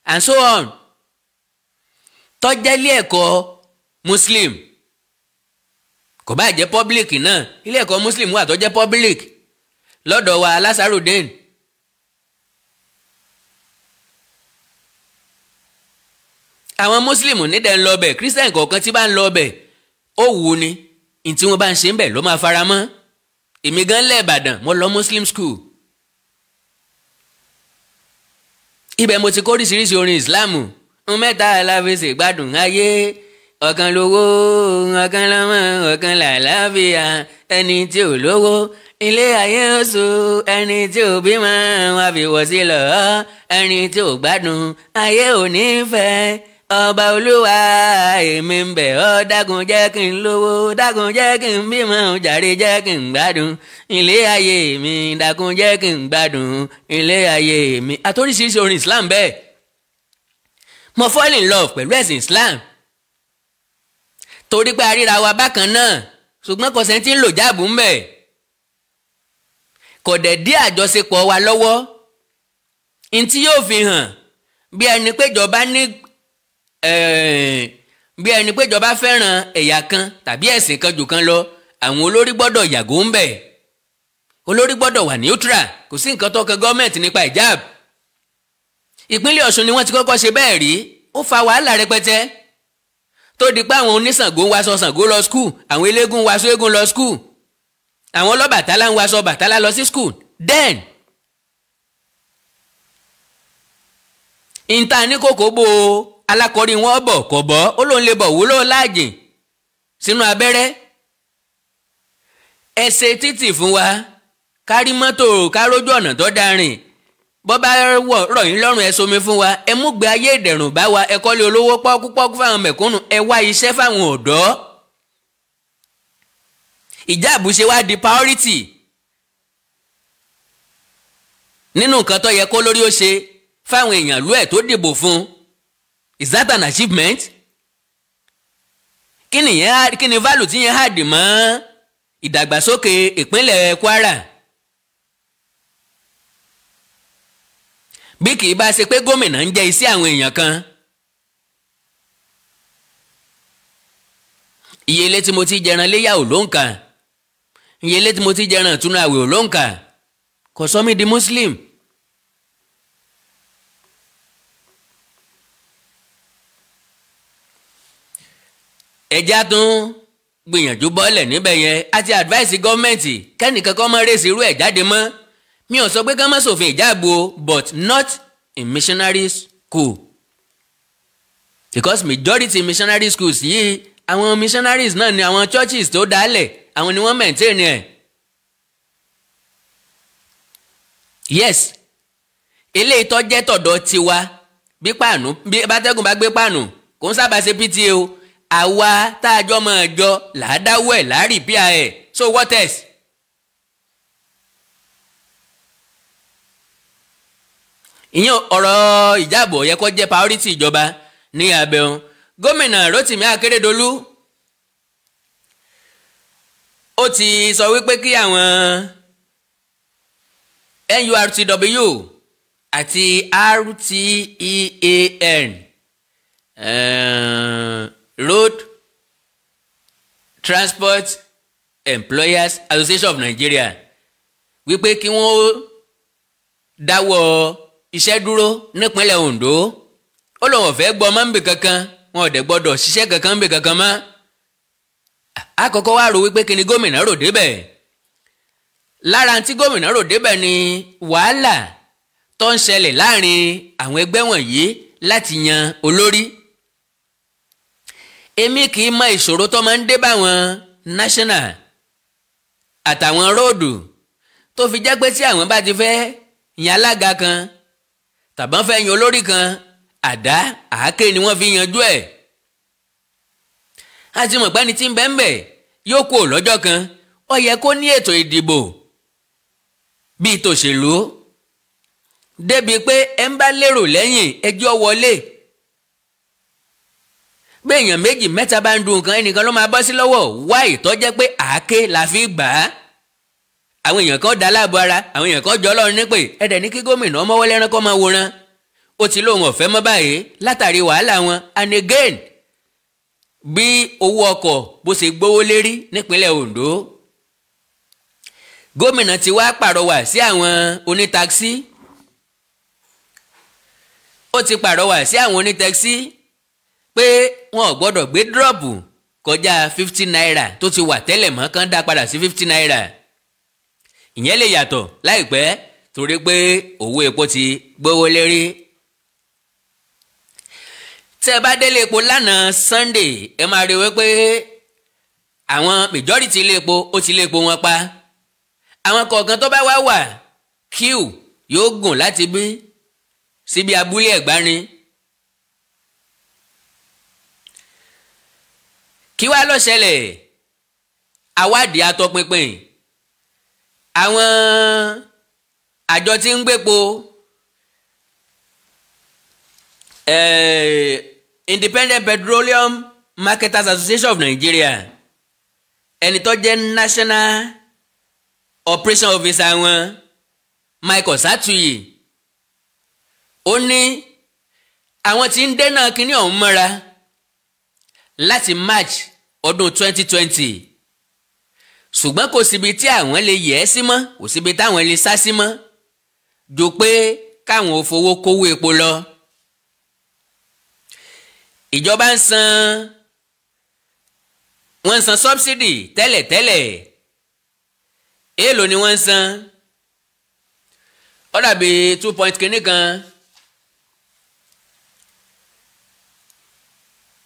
and so on tó ilé ẹ̀kọ́ muslim kò bá jẹ́ public náà ilé ẹ̀kọ́ muslim wà tó public lọ́dọ̀ wa lásàrúdìn àwọn mùsùlùmù nídẹ̀ ń lọ bẹ̀ kírísítẹ̀nì kọ̀ọ̀kan tí bá ń lọ bẹ̀ ó wù ú ni ntí wọ́n bá ń ṣe ń bẹ̀ ló máa fara mọ́ èmi gan lẹ́ Ìbàdàn mo lọ muslim school ibẹ̀ mo ti kó oríṣiríṣi orin Islam ń mẹ́ta aláfẹsẹ gbádùn ayé ọ̀kan lówó ọ̀kan lọ́mọ ọ̀kan làlàáfíà ẹni tí ò lówó ilé ayé oṣù ẹni tí ò bímọ wá fi wọ sí lọ ẹni tí ò gbádùn ayé ò ní fẹ́ ọba olúwa èmi ń bẹ̀ ọ́ dákun jẹ́ kí n lówó dákun jẹ́ kí n bímọ jàre jẹ́ kí n gbádùn ilé ayé mi dákun jẹ́ kí n gbádùn ilé ayé mi. àtòríṣiríṣi orin Islam bẹ́ẹ̀ mo fall in love pẹ̀lú ẹ̀sìn Islam torí pé aríra wa bákan náà ṣùgbọ́n kò sẹ́ni tí ń lò jáàbù ń bẹ̀ kò dẹ̀ dí àjọṣepọ̀ wa lọ́wọ́ ntí yóò fi hàn bí ẹni pé ìjọba ní bí ẹni pé ìjọba fẹ́ràn ẹ̀yà kan tàbí ẹ̀sìn kan jù kan lọ àwọn olórí gbọ́dọ̀ yàgò ń bẹ̀ olórí gbọ́dọ̀ wà neutral kò sí nǹkan tó kan gọ́ọ̀mẹ̀ntì nípa ìjáàb ìpínlẹ̀ Ọ̀ṣun ni wọ́n ti kọ́kọ́ ṣe bẹ́ẹ̀ rí ó fa wàhálà rẹpẹtẹ tó di pé àwọn oníṣàngó ń waṣọ ṣàngó lọ skul àwọn eléégún ń waṣọ eégún lọ skul àwọn ọlọ́bàtálá ń waṣọ bàtálá lọ sí skul then ìta ní kòkó bò ó alákọ̀rí wọn bọ̀ kò bọ́ ó lóun lè bọ̀ wúlò láàjìn sínú abẹ́rẹ́ ẹ ṣe títì fún wa kárí mọ́tò kárójú ọ̀nà tó darin bọ́ bá rọ̀ yín lọ́rùn ẹ somi fún wa ẹ mú gbé ayé ìdẹ̀rùn bá wa ẹ kọ́lé olówó pọ́kúpọ́kú fáwọn mẹ̀kúnnù ẹ wá iṣẹ́ fáwọn ọ̀dọ́ ìjáàbù ṣe wá di priority nínú nǹkan tó yẹ kó lórí ó ṣe fáwọn èèyàn lú ẹ̀ tó dìbò fún un is that an achievement kí nìyẹn kí ni value tí yẹn hàdì mọ́ ìdàgbàsókè ìpínlẹ̀ Kwara bí kì í bá ṣe pé gómìnà ń jẹ́ iṣẹ́ àwọn èèyàn kan iye ilé tí mo ti jẹran léyà ò ló ń kà iye ilé tí mo ti jẹran ìtúnu àwẹ̀ ò ló ń kà kò sọ mí di muslim. ẹja tún gbìyànjú bọ́ọ̀lẹ̀ níbẹ̀ yẹn àti advice gọ́ọ̀mẹ̀ntì kẹ́nìkan kọ́ mọ́ rèsì irú ẹ̀ jáde mọ́ mi ò sọ pé ká má ṣòfin ìjáàbò o but not in missionary school because majority missionary schools yìí àwọn missionaries náà ni àwọn churches tó dálẹ̀ àwọn ni wọ́n maintain ẹ̀. yes ilé ìtọ́jẹ́ tọ̀dọ̀ tiwa bí páànù bí abátẹ́gùn bá gbé páànù kò ń sábà ṣe pta o àwa tá a jọ mọ̀ ọjọ́ làá dáwọ́ ẹ̀ láàrí bí a ẹ̀ so what else. ìyẹn ọ̀rọ̀ ìjábọ̀ yẹ kó jẹ́ priority ìjọba ní abẹ́hùn gómìnà Rotimi Akeredolu ó ti sọ wípé kí àwọn NURTW àti RTEAN uh, eh, Road Transport Employers Association of Nigeria wípé kí wọ́n ó dáwọ́ iṣẹ́ dúró nípínlẹ̀ Ondo ó lóun ò fẹ́ gbọ́ ọmọ nbì kankan wọn ò dẹ̀ gbọ́dọ̀ ṣiṣẹ́ kankan nbì kankan mọ́ àkọ́kọ́ wá rò wípé kí ni gómìnà rò débẹ̀ lára tí gómìnà rò débẹ̀ ni wàhálà tó ń ṣẹlẹ̀ láàrin àwọn ẹgbẹ́ wọ̀nyí láti yan olórí èmi kì í mọ ìṣòro tó máa ń dé báwọn national àtàwọn róòdù tó fi jẹ́ pé tí àwọn bá ti fẹ́ yan alága kan tàbọ́n fẹ́ yan olórí kan àdá àáké ni wọ́n fi yanjú ẹ̀ a ti mọ̀ pé ẹni tí ń bẹ ń bẹ̀ yóò kú lọ́jọ́ kan ó yẹ kó ní ètò ìdìbò bíi tòṣèlú débi pé ẹ ń bá lérò lẹ́yìn ẹjọ́ wọlé pé èèyàn méjì mẹ́ta bá ń du nǹkan ẹnìkan ló máa bọ́ sí lọ́wọ́ wá ìtọ́jẹ́ pé àáké la fi gbà á àwọn èèyàn kan dá láàbò ara àwọn èèyàn kan jọ lọ́run nípè ẹ̀dẹ̀ ní kí gómìnà ọmọwọ́ lẹ́ran kọ́ máa wòran ó ti lóun ọ̀fẹ́ mọ́ báyìí látàrí wàhálà wọn and again bí owó ọkọ̀ bó ṣe gbówó lérí nípínlẹ̀ Ondo gómìnà ti wá pàrọwà sí àwọn onítakisí ó ti pàrọwà sí àwọn onítakisí pé wọn ò gbọ́dọ̀ gbé dírọ̀pù kọjá fifty naira tó ti wà tẹ́lẹ̀ mọ́ kán dá padà sí fifty naira ìyẹn lè yàtọ̀ láìpẹ́ torí pé owó epo ti gbówó lérí tẹ́ bá délé epo lánàá Sunday ẹ máa rí wípé àwọn majority ilé epo ó ti lé epo wọn pa àwọn kọ̀ọ̀kan tó bá wá wà queue yóò gùn láti bí síbi abúlé ẹ̀gbárin kí wàá lọ ṣẹlẹ̀ àwádìí atọpinpin àwọn àjọ tí ń gbépo eh, Independent Petroleum Marketers Association of Nigeria ẹni tó jẹ́ National Operation Officer wọn Michael Satuyi ó ní àwọn tí ń dẹ́nà kínní ọ̀hún mọ́ra láti March ọdún 2020 ṣùgbọ́n kò síbi tí àwọn lè yẹ̀ ẹ́ sí mọ́ kò síbi táwọn lè sá sí mọ́ jù pé káwọn ò fowó kówó epo lọ. ìjọba ń san wọ́n ń san subsidy tẹ́lẹ̀tẹ́lẹ̀ èèlò ni wọ́n ń san ó two point kìíní kan.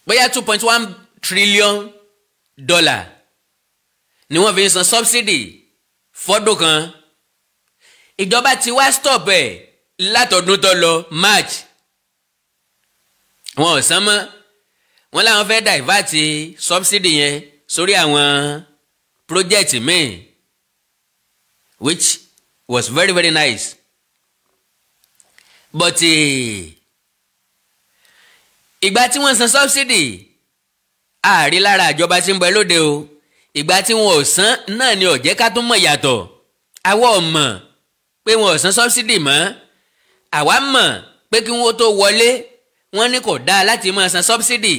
bóyá two point one trillion dollar ni wọ́n fi ń san subsidy fọ́dún kan ìjọba ti wá stop ẹ̀ látọdún tó lọ march wọn ò san mọ́ wọn làwọn fẹ́ divert subsidy yẹn sórí àwọn project míì which was very very nice but. Uh, ìgbà tí wọ́n san sọ́bsidì ààrí lára ìjọba tí ń bẹ lóde o ìgbà tí wọn ò san náà ni ó jẹ́ ká tún mọ̀ yàtọ̀ àwa ò mọ̀ pé wọn ò san sọ́bsidì mọ́ àwa mọ̀ pé kí wọ́n tó wọlé wọ́n ní kò dáa láti máa san sọ́bsidì.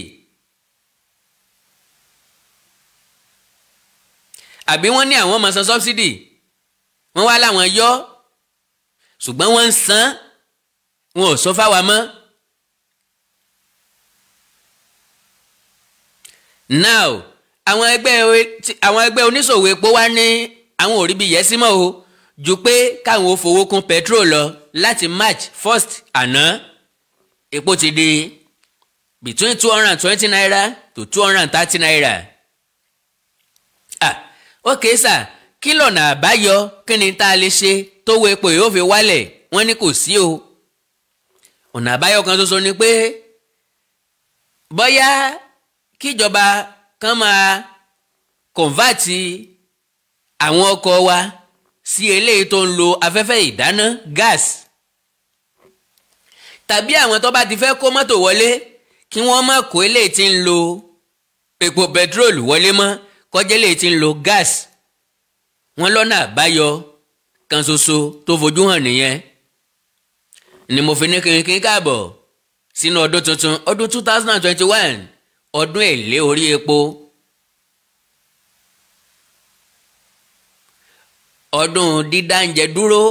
àbí wọ́n ní àwọn máa san sọ́bsidì wọ́n wá láwọn yọ ṣùgbọ́n wọ́n ń san wọn ò sọ fáwa mọ́. now àwọn ẹgbẹ́ oníṣòwò epo wá ní àwọn ò rí bí yẹsí mọ́ o ju pé káwọn ò kún petrol lọ láti march first àná epo ti di between two hundred and twenty naira to two hundred and thirty naira. Ah, ok sà kí lọ́nà àbáyọ kí ni tá a lè ṣe tó wo epo yóò fi wálẹ̀ wọ́n ní kò sí o ọ̀nà àbáyọ kan ṣoṣo ni pé bóyá kíjọba kan máa kọ̀ǹvàtì àwọn ọkọ̀ wa sí eléyìí tó ń lo afẹ́fẹ́ ìdáná gas tàbí àwọn tó bá ti fẹ́ kó mọ́tò wọlé kí wọ́n má kó eléyìí tí ń lo epo bẹtiróòlù wọlé mọ́ kọjá eléyìí tí ń lo gas wọ́n lọ́nà àbáyọ kan ṣoṣo tó fojú hàn nìyẹn ni mo fi ní kínkín káàbọ̀ sínú ọdún tuntun ọdún two thousand and twenty one ọdún èlé orí epo ọdún dídáǹjẹ dúró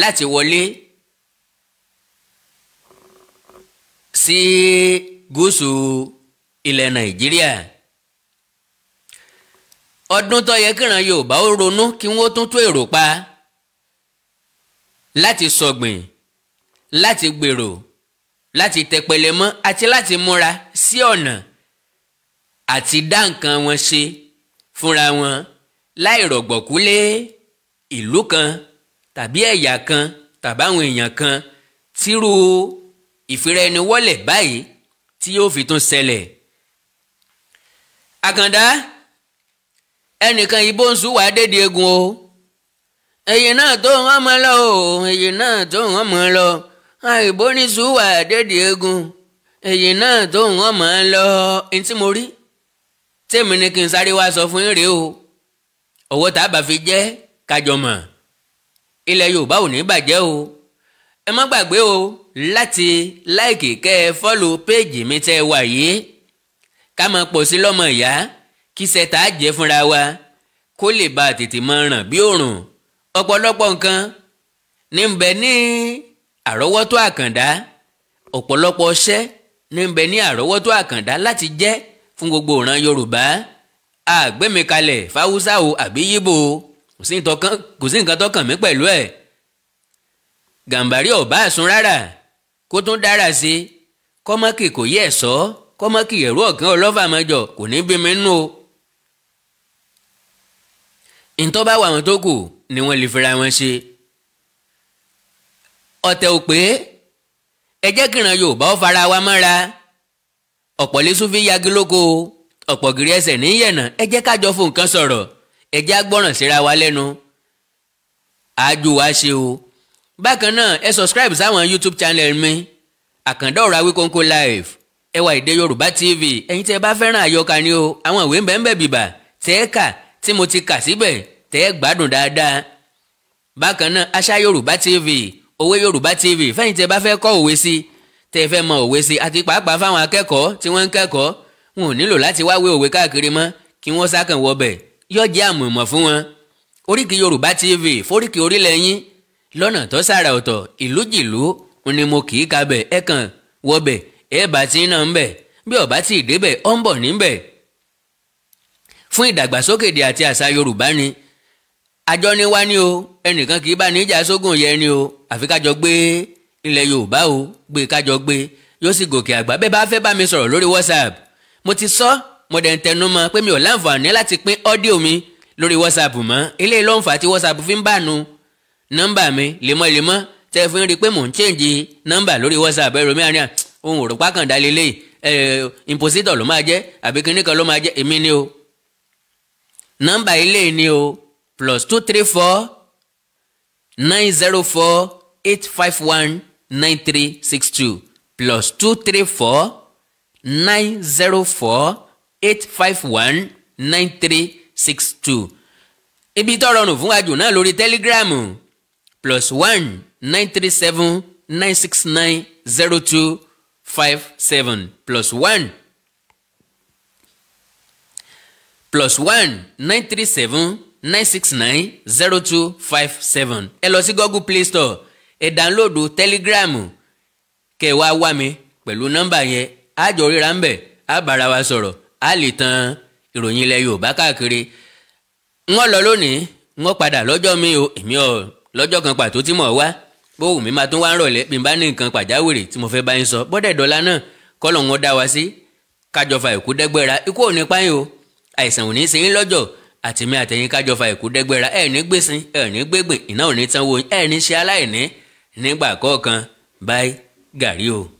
láti wọlé sí gúúsù ilẹ̀ nàìjíríà ọdún tó yẹ kíran yorùbá ó ronú kí wọ́n tún tún èrò pa láti sọ̀gbìn láti gbèrò. So láti tẹpẹlẹ mọ́ àti láti múra sí ọ̀nà àti dá nǹkan wọn ṣe fúnra wọn láì rọ̀gbọ̀kú lé ìlú kan tàbí ẹ̀yà kan tàbáwọn èèyàn kan tírú ìfiraẹniwọlẹ̀ báyìí tí yóò fi tún ṣẹlẹ̀. àkàndá ẹnìkan ibo ń sùn wàá dédìí egun o èyí náà tó ń wọ́n mọ́ lọ o èyí náà tó ń wọ́n mọ́ lọ àìbó ní sùúwà dédì eegun èyí náà tó ń wọ́n mọ̀ ọ́ lọ ẹni tí mo rí tèmi ni kí n sáré wá sọ fún rèé o owó tá a bá fi jẹ́ kájọ mọ̀ ilẹ̀ yorùbá ò ní bàjẹ́ o ẹ má gbàgbé o láti láìkì kẹ́ ẹ fọ́lù péèjì mi tẹ́ ẹ wà yìí ká máa pọ̀ sí lọ́mọ ìyá kí sẹ́ta jẹ́ fúnra wa kó lè bá tètè máa ràn bí òòrùn ọ̀pọ̀lọpọ̀ nǹkan ní ń ní àrọ́wọ́tó àkàndá ọ̀pọ̀lọpọ̀ ṣẹ́ ní ń bẹ ní àrọ́wọ́tó àkàndá láti jẹ́ fún gbogbo ìran yorùbá àgbẹ̀mìkalẹ̀ fáwúsá o àbí yíbo kò sí nǹkan tọkàn mí pẹ̀lú ẹ̀ gàǹbàrí ọ̀bá àsun rárá kó tún dára sí kọ́mọ́kì kò yẹ sọ kọ́mọ́kì ẹ̀rú ọ̀gán ọlọ́fàmọ́jọ kò ní bí mi nù o. ìtọ́ bá wà wọn tó kù ni wọ́n lè fira wọn ṣe ọ̀tẹ̀ ò pé ẹ jẹ́ kìran Yorùbá ó fara wa mọ́ra ọ̀pọ̀ lẹ́sùn fi yagi lóko ọ̀pọ̀ gírí ẹsẹ̀ níyẹ̀nà ẹ jẹ́ kájọ fún nǹkan sọ̀rọ̀ ẹ jẹ́ agbọ́ràn síra wa lẹ́nu àjò wa ṣe o bákan náà ẹ subscribe sáwọn YouTube channel mi àkàndá ọ̀rọ̀ Awíkọ́nkọ́ live ẹ wá ìdè Yorùbá TV ẹ̀yin tí ẹ bá fẹ́ràn àyọkà ni o àwọn ìwé ńbẹ́ńbẹ́ bìbà tẹ́ ẹ kà tí mo ti kà síbẹ̀ tẹ́ ẹ gbádùn dáadáa bákan náà àṣà Yorùbá TV òwe yorùbá tv fẹ́yìn tẹ́ bá fẹ́ kọ́ òwe sí tẹ́ fẹ́ mọ òwe sí àti pàápàá fáwọn akẹ́kọ̀ọ́ tí wọ́n ń kẹ́kọ̀ọ́ wọn ò nílò láti wáwé òwe káàkiri mọ́ kí wọ́n sákàn wọbẹ̀ yóò jẹ́ àmọ̀mọ̀ fún wọn. oríkì yorùbá tv foríkì orílẹ̀ yín lọ́nà tó sára ọ̀tọ̀ ìlú jìlú ni mo kì í kabẹ̀ ẹ kàn wọbẹ̀ ẹ bá ti náà ń bẹ̀ bí ọba ti débẹ̀ ọ ń bọ̀ níbẹ̀. fún ìdàgbàsókè àti àṣà yorùbá ni àjọ ni wá ní o ẹnìkan kì í bá níjà sógun yẹ ni o àfi kájọ gbé ilẹ̀ yorùbá o gbé kájọ gbé yóò sì gòkè àgbà bẹ́ẹ̀ bá fẹ́ bá mi sọ̀rọ̀ lórí whatsapp mo ti sọ mo dẹ̀ ń tẹnu mọ́ pé mi ò láǹfààní láti pín ọ́díò mi lórí whatsapp mọ́ eléyìí ló tí whatsapp fi ń bànú nọ́mbà mi lemọ́lemọ́ tẹ́ fi ń rí i pé mò ń chẹ́ǹjì nọ́mbà lórí whatsapp ẹ̀rọ mi àríyàn ohun òrùpá kan dá lélẹ́yìí impositọ ló máa jẹ àbí kinní kan ló máa jẹ èmi ni o nọ́mbà ilé ni o plus two three four nine zero four eight five one nine three six two plus two three four nine zero four eight five one nine three six two. ibi tó rọrùn fún wájú náà lórí telegram plus one nine three seven nine six nine zero two five seven plus one plus one nine three seven nine six nine zero two five seven ẹ lọ sí google play store ẹ dánlóòdù tẹlígíráàmù kewa wá wá mi pẹ̀lú nọ́mbà yẹn á jọ ríra wa sọ̀rọ̀ á lè tan ìròyìn ilẹ̀ Yorùbá káàkiri wọ́n lọ lónìí wọ́n padà lọ́jọ́ mi o èmi ò lọ́jọ́ kan pàtó tí mò ń wá bó wù mí máa tún wá ń rọ̀lẹ́ bí n bá ní nǹkan pàjáwìrì sọ bọ́dẹ̀ náà wọn dá wa sí kájọfà ìkú dẹ́gbẹ́ra ikú ò ní páyìn o àìsàn ò ní í sẹ́yìn lọ́jọ́ àtìmí àtẹ̀yìn kájọfà ìkú dẹ́gbẹ́ra ẹ̀ ní nígbà kọ̀ọ̀kan bye gàrí o.